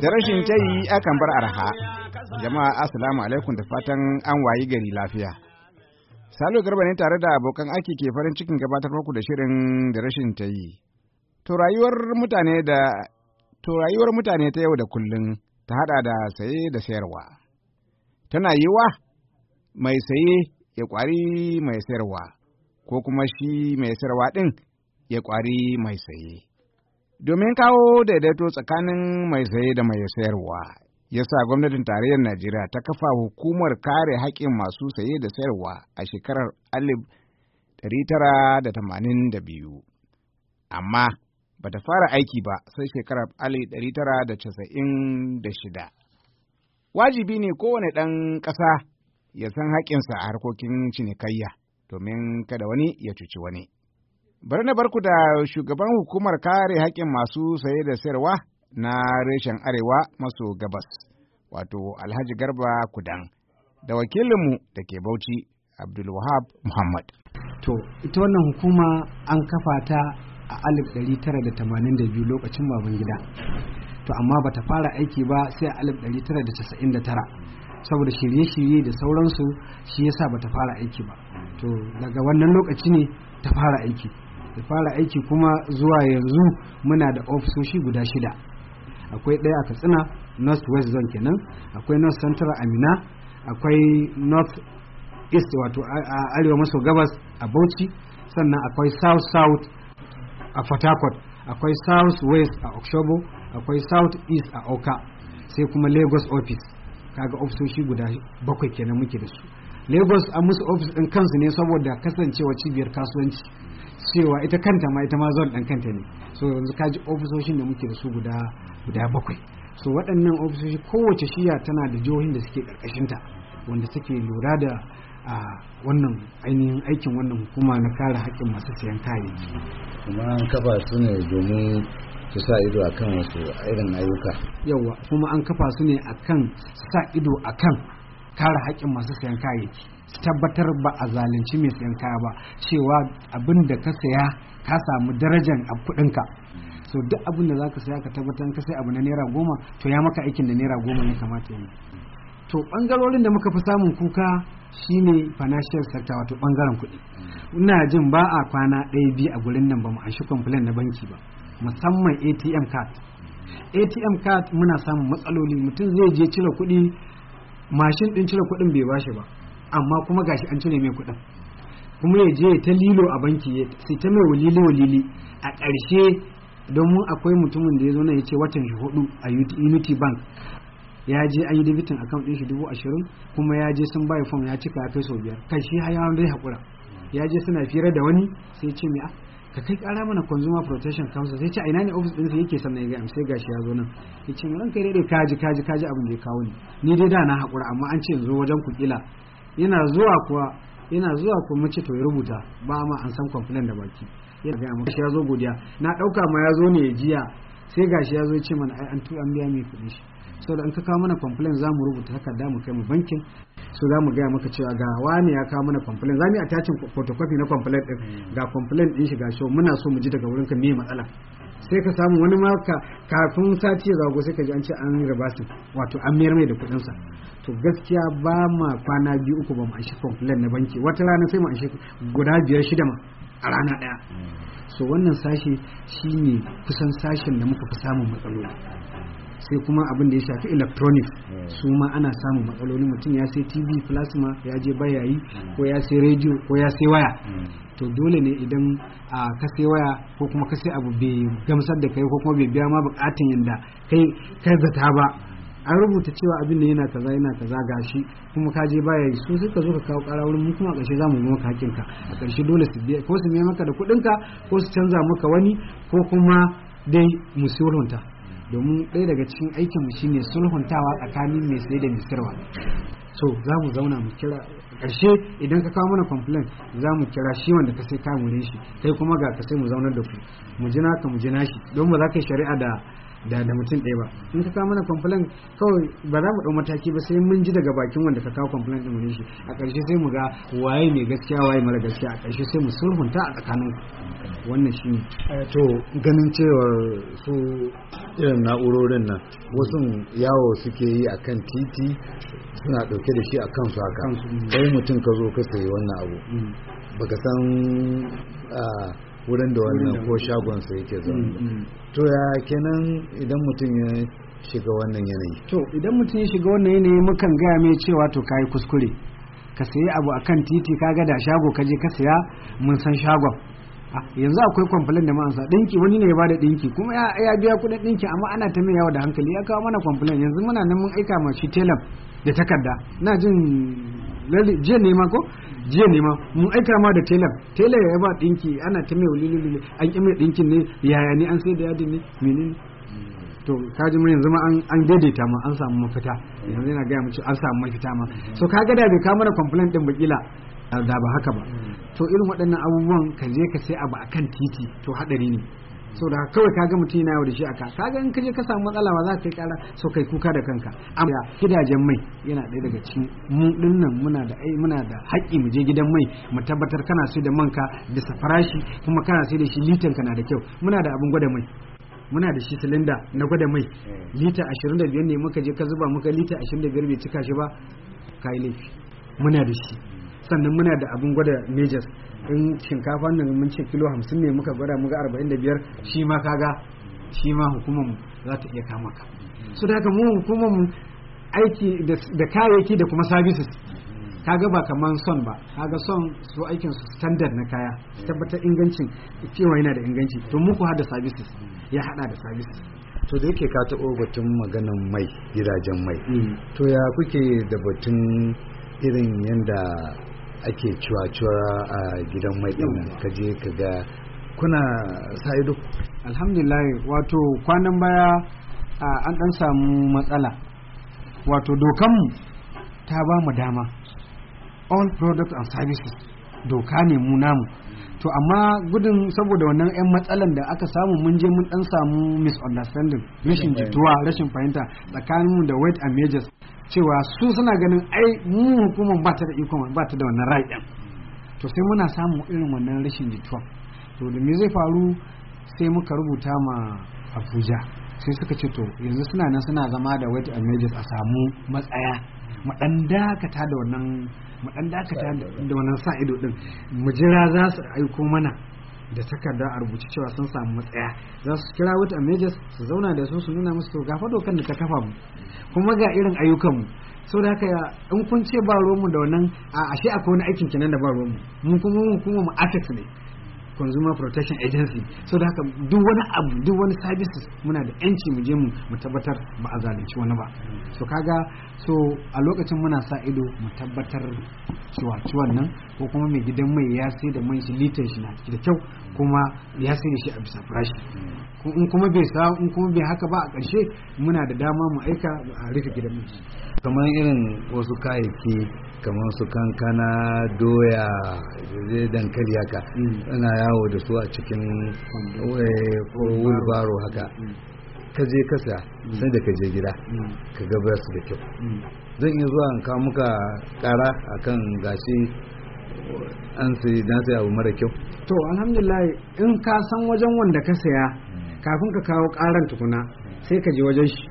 Da rashin tayi akan bar arha. Jama'a asalamu alaikum da fatan an wayi gari lafiya. Salo Garba ne tare da abokan aiki ke farin cikin gabatar muku da shirin da rashin tayi. To rayuwar mutane da to rayuwar mutane ta yau da kullum ta haɗa da saye da sayarwa. Tana yiwa mai saye ya kwari mai sayarwa, ko kuma shi mai sayarwa ɗin ya ƙwari mai saye. Domin kawo daidaito tsakanin mai saye da mai sayarwa, ya sa gwamnatin tarayyar Najeriya ta kafa hukumar kare haƙƙin masu saye da sayarwa a shekarar 1982. Amma ba ta fara aiki ba sai shekarar 1996. Wajibi ne kowane ɗan ƙasa ya san haƙƙinsa a harkokin cinikayya domin kada wani ya cuci wani. Bari na barku da shugaban hukumar kare haƙƙin masu saye da sayarwa na reshen Arewa maso gabas, wato Alhaji Garba Kudan, da wakilinmu da ke Bauchi, Abdulwahab Muhammad. To, ita wannan hukuma an kafa ta a 1982 lokacin gida To, amma ba ta fara aiki ba sai a 1999. saboda shirye-shirye da sauransu shi yasa ta fara aiki ba to daga wannan lokaci ne ta fara aiki ya fara aiki kuma zuwa yanzu muna da ofisoshi guda shida akwai ɗaya a katsina north west zone kenan akwai north central amina akwai north east wato a arewa maso gabas a bauchi sannan akwai south south a port akwai south west a okshobo akwai south east a oka sai kuma lagos office kaga ofisoshi guda bakwai kenan muke da su lagos an musu ofis ɗin kansu ne saboda kasancewa cibiyar kasuwanci cewa ita kanta ma ita ma zone ɗan kanta ne so yanzu ka ji ofisoshin da muke da su guda guda bakwai so waɗannan ofisoshi kowace shiya tana da jihohin da suke ƙarƙashinta wanda suke lura da a wannan ainihin aikin wannan hukuma na kare haƙƙin masu siyan kayayyaki kuma an kafa su ne domin su sa ido a kan wasu irin ayyuka yawa kuma an kafa su ne a kan sa ido a kan kare haƙƙin masu siyan kayayyaki tabbatar ba a zalunci mai sayan kaya ba cewa abin da ka saya ka samu darajar kuɗinka so duk abin da za ka saya ka tabbatar ka sai abu na naira goma to ya maka aikin da naira goma ya kamata yi to bangarorin da muka fi samun kuka shine financial sector wato bangaren kuɗi ina jin ba a kwana ɗaya biyu a gurin nan ba mu anshi complain na banki ba musamman atm card atm card muna samun matsaloli mutum zai je cire kuɗi mashin ɗin cire kuɗin bai bashi ba amma kuma gashi an cire mai kuɗin kuma ya je ta lilo a banki ya sai ta mai walili walili a ƙarshe domin akwai mutumin da ya zo na ya ce watan shi hudu a unity bank ya je an yi debitin account ɗin shi dubu ashirin kuma ya je sun bayi fom ya cika ya kai sau biyar kai shi har yawan dai haƙura ya je suna fira da wani sai ce mai ah, ka kai ƙara mana consumer protection council sai ce a ina ne office ɗinsa yake sannan ya gaya sai gashi ya zo nan ya ce mai ranka daidai kaji kaji kaji abin da ya kawo ni ni dai da na haƙura amma an ce yanzu wajen ku kila yana zuwa kuwa yana zuwa ku mace to ya rubuta ba ma an san complain da baki yana ga amma shi yazo godiya na dauka ma yazo ne ya jiya sai gashi ya zo ce mana ai an an biya mai kuɗi shi da in ka kawo mana complain za mu rubuta da mu kai mu bankin so za mu gaya maka cewa ga wani ya kawo mana complain za mu yi attachin photocopy na complain din ga ɗin din shi ga muna so mu ji daga wurinka me matsala sai ka samu wani ma kafin sati zago sai ka ji an ce an riba su wato an mayar mai da kuɗin sa to gaskiya ba ma kwana biyu uku ba mu an na banki wata rana sai mu guda biyar shida ma a rana ɗaya so wannan sashi shine kusan sashen da muka fi samun matsaloli sai kuma abin da ya shafi electronics su ma ana samun matsaloli mutum ya sai tv plasma ya je bayayi ko ya sai rediyo ko ya sai waya to dole ne idan a ka sai waya ko kuma ka sai abu bai gamsar da kai ko kuma bai biya ma bukatun yanda kai kai zata ba an rubuta cewa abin da yana kaza yana kaza gashi kuma ka je baya su ka zo ka kawo kara wurin mu kuma a ƙarshe za mu maka hakinka. a ƙarshe dole su biya ko su biya maka da kuɗin ko su canza maka wani ko kuma dai mu sulhunta domin ɗaya daga cikin aikinmu shine sulhuntawa tsakanin mai sai da mai sirwa so za mu zauna mu kira ƙarshe idan ka kawo mana complain za mu kira shi wanda ka sai ka mure shi kai kuma ga ka sai mu zaunar da ku mu jina ka mu jina shi don ba za ka yi shari'a da da da mutum ɗaya ba in ka kawo mana complain kawai ba za mu ɗau mataki ba sai mun ji daga bakin wanda ka kawo complain ɗin mu shi a ƙarshe sai mu ga waye mai gaskiya waye mara gaskiya a ƙarshe sai mu sulhunta a tsakanin wannan shi ne eh, to ganin cewa su irin na'urorin nan wasu yawo suke yi a kan titi suna ɗauke da shi a kansu haka mm. kai mutum ka zo ka sayi wannan abu mm. baka san ah, wurin da wannan ko shagon yake mm, zaune mm. to ya kenan idan mutum ya shiga wannan yanayi to idan mutum ya shiga wannan yanayi mukan gaya mai cewa to kayi kuskure ka sayi abu akan titi ka ga da shago ka je ka saya mun san shagon ah, yanzu akwai kwamfalin da ma'ansa ɗinki wani ne ya bada ɗinki kuma ya biya kuɗin ɗinki amma ana ta mai yawa da hankali ya kawo mana kwamfalin yanzu muna nan mun aika ma shi telan da takarda na jin jiya ne ma ko jiya ne ma mun aika ma da tailor tailor ya ba dinki ana ta mai wulilili an kima dinkin ne yaya ne an sai da yadin ne menene to kaji mun yanzu ma an daidaita ma an samu mafita yanzu Ina gaya mu an samu mafita ma so ka ga da bai mana da complaint din bakila da ba haka ba to irin waɗannan abubuwan ka je ka sai abu akan titi to haɗari ne da kawai kaga mutum yana yau da shi aka kaga in kaje ka samu matsala ba za ka kai kara so kai kuka da kanka amma gidajen mai yana ɗaya daga cikin mu dinnan muna da ai eh, muna da haƙƙi mu je gidan mai mu tabbatar kana sai da manka bisa farashi kuma kana sai da shi litan kana da kyau muna da abin gwada mai muna da shi silinda na gwada mai eh. lita 25 ne muka je ka zuba muka lita 25 bai cika shi ba kai laifi muna da shi sannan muna da abin gwada majors in shinkafa nan mun ce kilo hamsin ne muka gwada muga arba'in da biyar shi ma kaga shi ma hukumar za ta iya kama ka su da haka mu hukumar aiki da kayayyaki da kuma services kaga ba kaman son ba kaga son su aikin su standard na kaya su tabbatar ingancin cewa yana da inganci to muku hada services ya hada da services to da yake ka taɓo batun maganan mai gidajen mai mm. to ya kuke da batun irin yadda ake cuwa-cuwa a gidan mai nan ka je ka ga kuna sa'ido alhamdulillah wato kwanan baya an ɗan samu matsala wato dokanmu ta ba mu dama all products and services doka ne mu namu to amma gudun saboda wannan 'yan matsalan da aka samu mun je mun dan samu misunderstanding rashin jituwa rashin fahimta tsakanin mu da white and majors cewa su suna ganin ai mu hukumar ba ta da ikon ba ta da wannan right din to sai muna samu irin wannan rashin jituwa to da me zai faru sai muka rubuta ma Abuja sai suka ce to yanzu suna nan suna zama da white and majors a samu matsaya mu dakata da wannan da sa ido din mu jira za su aiko mana da takarda a rubuce cewa sun samu matsaya za su kira wata majors su zauna da su su nuna musu to gafa dokan da ta kafa mu kuma ga irin ayyukan mu da haka in kun ce ba ruwanmu da wannan a ashe akwai wani aikin kenan da ba ruwanmu mu kuma mu kuma mu ne consumer protection agency so da haka duk wani abu duk wani services muna da yanci mu je mu tabbatar ba a zalunci wani ba so kaga so a lokacin muna sa ido mu tabbatar ciwa ciwon nan ko kuma mai gidan mai ya sai da man shi litan shi na da kyau kuma ya sai da shi a bisa farashi in kuma bai sa in kuma bai haka ba a ƙarshe muna da dama mu aika a rufe gidan mai kamar irin wasu kayayyaki kamar su kankana doya zai dankali haka mm. ana yawo da su a cikin eh, wulbaro haka mm. ka je kasa mm. sai da ka je gida ka gabar su da kyau zan iya zuwa in kawo muka kara akan gashi an sai na sai abu mara kyau to alhamdulillah in ka san wajen wanda ka saya hmm. kafin ka kawo karan tukuna sai ka je wajen shi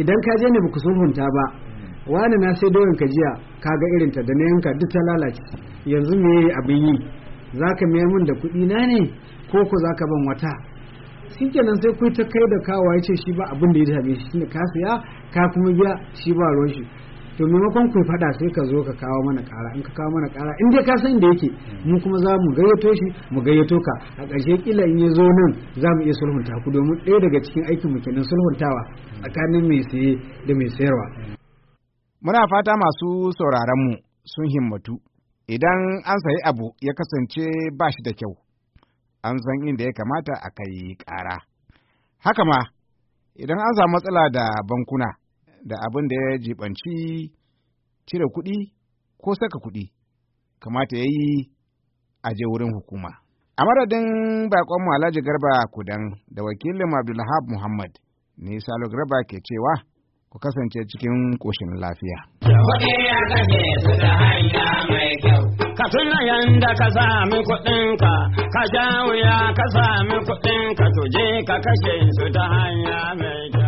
idan ka je ne baka sulhunta ba hmm. wani na sai doyan ka jiya ka ga irin ta da na yanka duk ta lalace yanzu me abin yi zaka mayar min da kuɗi na ne ko ko zaka ban wata kenan sai ku ta kai da kawo ya ce shi ba abin da ya dame shi ne ka saya ka kuma biya shi ba ruwan shi to maimakon ku faɗa sai ka zo ka kawo mana ƙara in ka kawo mana ƙara in dai ka san inda yake mu kuma za mu gayyato shi mu gayyato ka a ƙarshe kila in ya zo nan za mu iya sulhunta ku domin ɗaya daga cikin aikin mu kenan sulhuntawa tsakanin mai saye da mai sayarwa. Muna fata masu sauraron mu sun himmatu idan an sayi abu ya kasance ba shi da kyau an san inda ya kamata a kai ƙara. Haka ma idan an samu matsala da bankuna. da abin da ya jibanci cire kuɗi ko saka kuɗi kamata ya yi a je wurin hukuma. A madadin baƙonmu Alhaji Garba Kudan da wakilin Abdulhab Muhammad ne Salo Garba ke cewa ku kasance cikin ƙoshin lafiya. Ka tuna yanda ka sami kuɗinka, ka ja wuya ka sami kuɗinka, to ka kashe su ta hanya mai kyau.